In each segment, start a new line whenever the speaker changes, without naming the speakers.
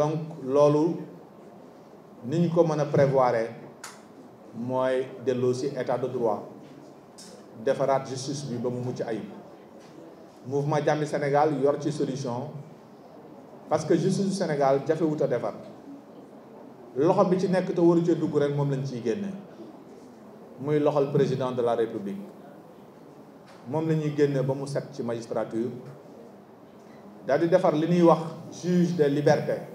donc loolu ni ñu ko mën a prévoire mooy delloo si état de droit defaraat justice bi ba mu mucc ayib mouvement jàmmi Sénégal yor ci solution parce que justice du Sénégal jafewut a defar loxo bi ci nekk te waru cee dugg rek moom lañ ciy génne muy loxol président de la république moom la ñuy génne ba mu set ci magistrature daal di defar li ñuy wax juge de libertés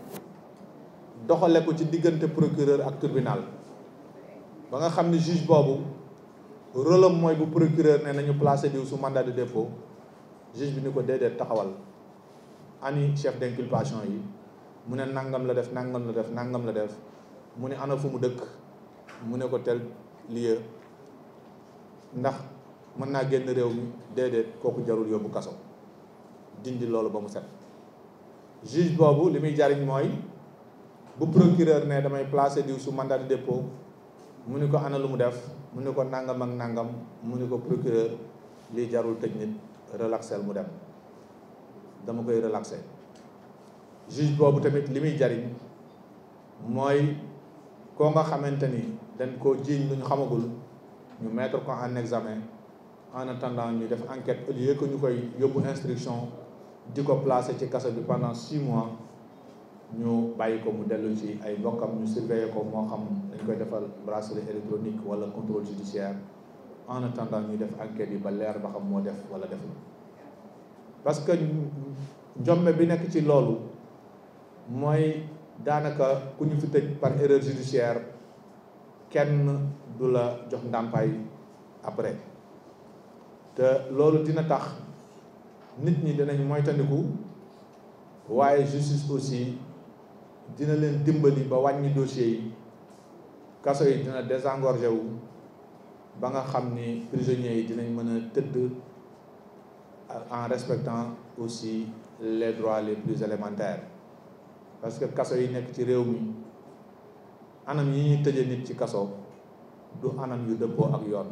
doxale ko ci diggante procureur ak tribunal ba nga xam ne juge boobu rôle am mooy bu procureur ne nañu placé diw su mandat de defoo juge bi ni ko déedéet taxawal ani chef d'inculpation yi mu ne nangam la def nangam la def nangam la def mu ne ana fu mu dëkk mu ne ko tel lieu ndax mën naa génn réew mi déedéet kooku jarul yóbbu kaso dindi loolu ba mu set juge boobu li muy jariñ mooy bu procureur ne damay placer diw su mandat de dépôt mu ni ko ana lu mu def mu ni ko nangam ak nangam mu ni ko procureur li jarul tëj nit relaxel mu dem dama koy relaxer juge boobu tamit li muy jariñ mooy koo nga xamante ni dañ koo jiiñ lu ñu xamagul ñu mettre ko en examen en attendant ñu def enquête au lieu que ñu koy yóbbu instruction di ko placer ci kaso bi pendant six mois ñu bàyyi ko mu dellu ci ay mbokkam ñu surveiller ko moo xam dañ koy defal bracelet électronique wala contrôle judiciaire en attendant ñuy def enquête yi ba leer ba xam moo def wala deful parce que njomme bi nekk ci loolu mooy daanaka ku ñu fi tëj par erreur judiciaire kenn du la jox ndàmpaay après te loolu dina tax nit ñi dinañ moytandiku waaye justice aussi dina leen dimbali ba wàññi dossier yi kaso yi dina désengorgé wu ba nga xam ni prisonniers yi dinañ mën a tëdd en respectant aussi les droits les plus élémentaires parce que kaso yi nekk ci réew mi anam yi ñuy tëje nit ci kaso du anam yu dëppoo ak yoon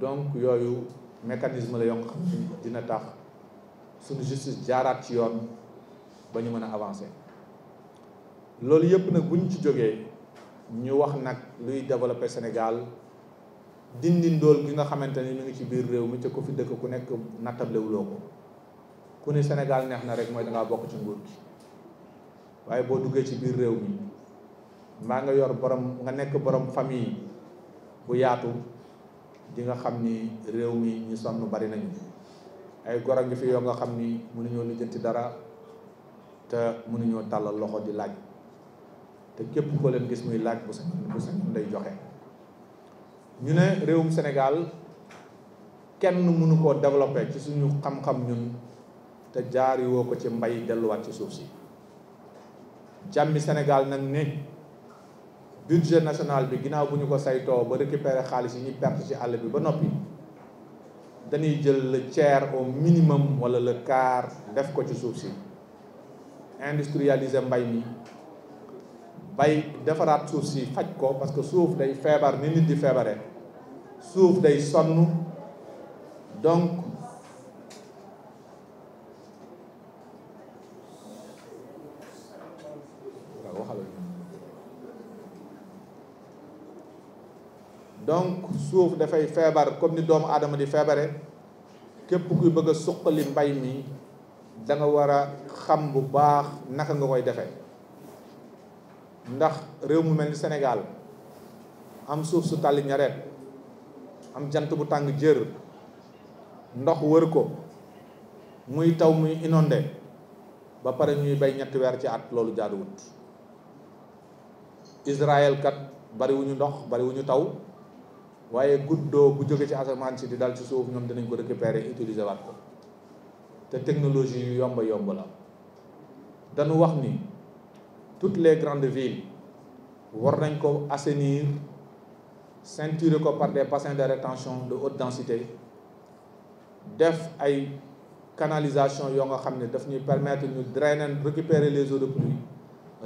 donc yooyu mécanisme la yoo xam dina tax suñu justice jaaraat ci yoon ba ñu mën a avancer loolu yëpp nag buñ ci jógee ñu wax nag luy développer Sénégal dindi ndool gi nga xamante ni mi ngi ci biir réew mi ca ku fi dëkk ku nekk nattablewuloo ko ku ne Sénégal neex na rek mooy dangaa bokk ci nguur gi waaye boo duggee ci biir réew mi mbaa nga yor borom nga nekk borom famille bu yaatu di xam ni réew mi ñu sonn bari nañu ay goro ngi fi yoo nga xam ni mënuñoo lijjanti dara te mënuñoo tàllal loxo di laaj te képp koo leen gis muy laaj bu sa bu sa day joxe ñu ne réewum Sénégal kenn mënu koo développé ci suñu xam-xam ñun te jaar woo ko ci mbay delluwaat ci suuf si jàmmi senegal nag ne budget national bi ginnaaw bu ñu ko saytoo ba récupérer xaalis yi ñuy perte ci àll bi ba noppi dañuy jël le tiers au minimum wala le quart def ko ci suuf si industrialiser mbay mi bay defaraat suuf si faj ko parce que suuf day feebar ni nit di feebare suuf day sonn donc donc suuf dafay feebar comme ni doomu aadama di feebare képp kuy bëgg a suqali mbay mi danga war a xam bu baax naka nga koy defe ndax réew mu mel ni Sénégal am suuf su tàlli ñaret am jant bu tàng jër ndox wër ko muy taw muy inondé ba pare ñuy bay ñetti weer ci at loolu jaaduwut Israël kat bariwuñu ndox bariwuñu taw waaye guddoo bu jóge ci asamaan si di dal ci suuf ñoom dinañ ko récupérer utiliser waat ko te technologie yu yomba yomb la danu wax ni toutes les grandes villes war nañ ko assainir ceinturer ko par des bassins de rétention de haute densité def ay canalisation yoo nga xam ne daf ñuy permettre ñu drainer récupérer les eaux de pluie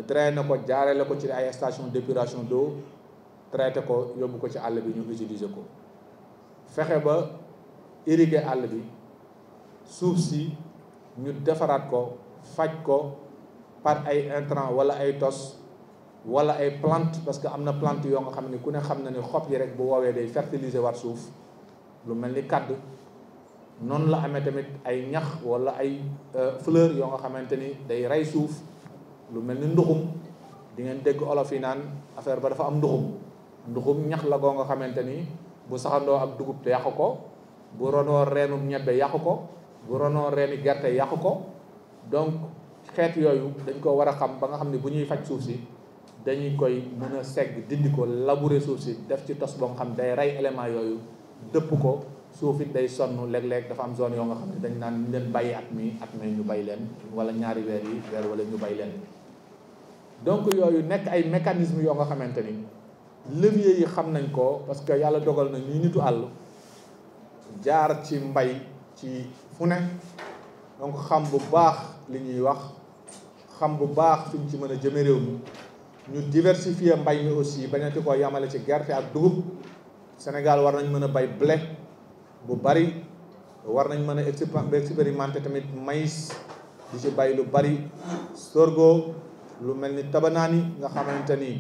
drainer ko jaarale ko ci ay station d'épuration d'eau traité ko yóbbu ko ci àll bi ñu utiliser ko fexe ba irriguer àll bi suuf si ñu defaraat ko faj ko par ay intrant wala ay tos wala ay plante parce que am na plante yoo nga xam ne ku ne xam na ne xob yi rek bu woowee day fertiliser waat suuf lu mel ni kàdd noonu la amee tamit ay ñax wala ay euh, fleur yoo nga xamante ni day rey suuf lu mel ni nduxum di ngeen dégg olof yi naan affaire ba dafa am nduxum nduxum ñax la goo nga xamante ni bu saxandoo ak dugub te yàqu ko bu ronoo reenu ñebbe yàqu ko bu ronoo reeni gerte yàqu ko donc xeet yooyu dañ ko war a xam ba nga xam ne bu ñuy faj suuf si dañuy koy mën a segg dindi ko labourer suuf si def ci tos boo nga xam day rey élément yooyu dëpp ko suuf day sonn léeg-léeg dafa am zone yoo nga xam ne dañ naan ñu leen bàyyi at mi at mi ñu bay leen wala ñaari weer yi weer wala ñu bay leen donc yooyu nekk ay mécanismes yoo nga xamante ni levier yi xam nañ ko parce que yàlla dogal na ñuy nitu àll jaar ci mbay ci fu ne donc xam bu baax li ñuy wax xam bu baax fi ñu ci mën a jëme réew mi ñu diversifier mbay mi aussi bañati ko yamale ci gerte ak dugub Sénégal war nañ mën a bay blé bu bari war nañ mën a expérimenter tamit maïs di si bay lu bari sorgho lu mel ni tabanaani nga xamante ni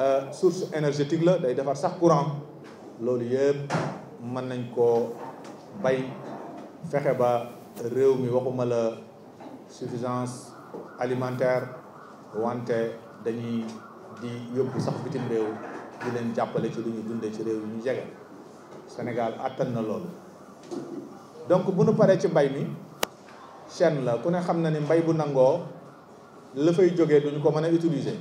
euh, source énergétique la day defar sax courant loolu yëpp mën nañ koo bay fexe ba réew mi waxuma la suffisance alimentaire wante dañuy di yóbbu sax bitim réew di leen jàppale ci lu ñu dundee ci réew yi ñu jege Sénégal àttan na loolu donc bu nu paree ci mbay mi chaîne la ku ne xam na ni mbay bu nangoo la fay jógee duñu ko mën a utiliser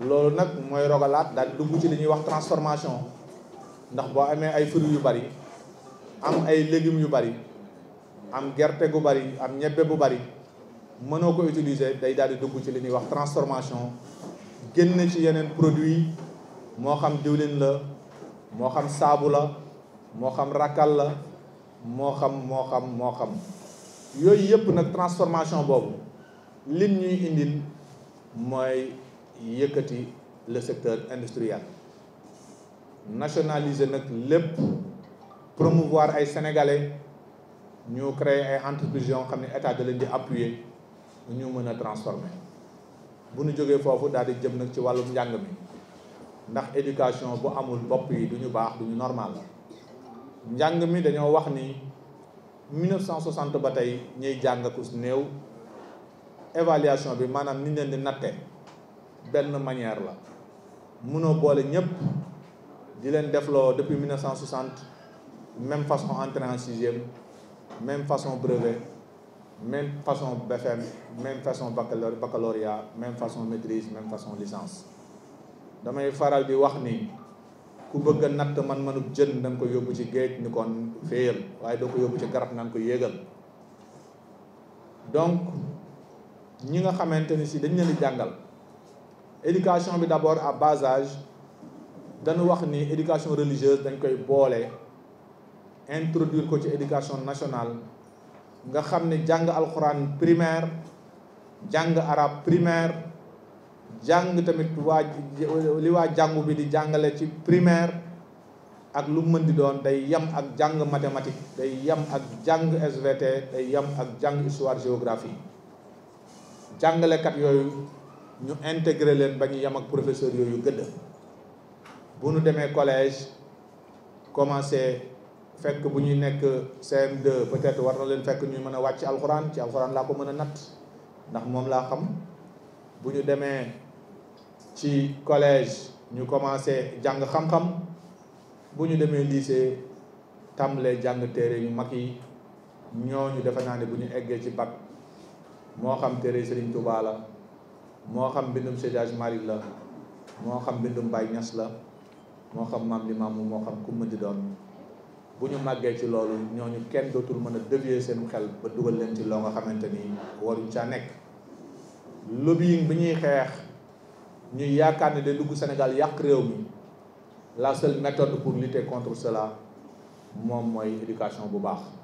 loolu nag mooy rogalaat daal dugg ci li ñuy wax transformation ndax boo amee ay fruits yu bari am ay légumes yu bari am gerte gu bari am ñebbe bu bari mënoo ko utiliser day daal di dugg ci li ñuy wax transformation génn ci yeneen produit moo xam diwlin la moo xam saabu la moo xam rakkal la moo xam moo xam moo xam yooyu yëpp nag transformation boobu lim ñuy indil mooy yëkkati le secteur industriel nationaliser nag lépp promouvoir ay sénégalais ñu créer ay entreprises xam ne état da leen di appuyer bu ñu mën a transformer bu nu jógee foofu daal di jëm nag ci wàllu njàng mi ndax éducation bu amul bopp yi du ñu baax du ñu normal njàng mi dañoo wax ni 1960 ba tey ñuy jàng ku néew évaluation bi maanaam niñ leen di natte benn manière la mënoo boole ñëpp di leen defloo depuis 1960 même façon entrée en même façon brevet même façon BFM même façon baccalauréat baccalauréat même façon maîtrise même façon licence damay faral di wax ni ku bëgg a natt man manub jën da ko yóbbu ci géej ni kon féeyal waaye doo ko yóbbu ci garab naan ko yéegal donc ñi nga xamante ni si dañ leen di jàngal éducation bi d'abord à bas âge wax ni éducation religieuse dañ koy boole introduir ko ci éducation national nga xam ne jàng alxuraan primaire jàng arab primaire jàng tamit waa li waa jàngu bi di jàngale ci primaire ak lu mën di doon day yam ak jàng mathématique day yem ak jàng SVT day yem ak jàng histoire géographie jàngalekat yooyu ñu intégré leen ba ñu yem ak professeur yooyu gëdd bu ñu demee collège commencé fekk bu ñuy nekk CM2 peut-être war na leen fekk ñu mën a wàcc alxuraan ci alxuraan laa ko mën a natt ndax moom laa xam bu ñu demee ci collège ñu commencé jàng xam-xam bu ñu demee lycée tàmbalee jàng téere yu mag yi ñooñu defe naa bu ñu eggee ci bac moo xam téere Serigne Touba la moo xam mbindum Seydi Hadji Malick la moo xam mbindum Baye Niass la moo xam maam Limaamu moo xam ku mën di doon bu ñu màggee ci loolu ñoo ñu kenn dootul mën a dévier seen xel ba dugal leen ci loo nga xamante ni waruñ caa nekk lobbying bi ñuy xeex ñuy yaakaar ne de dugg Sénégal yàq réew mi la seule méthode pour lutter contre cela moom mooy éducation bu baax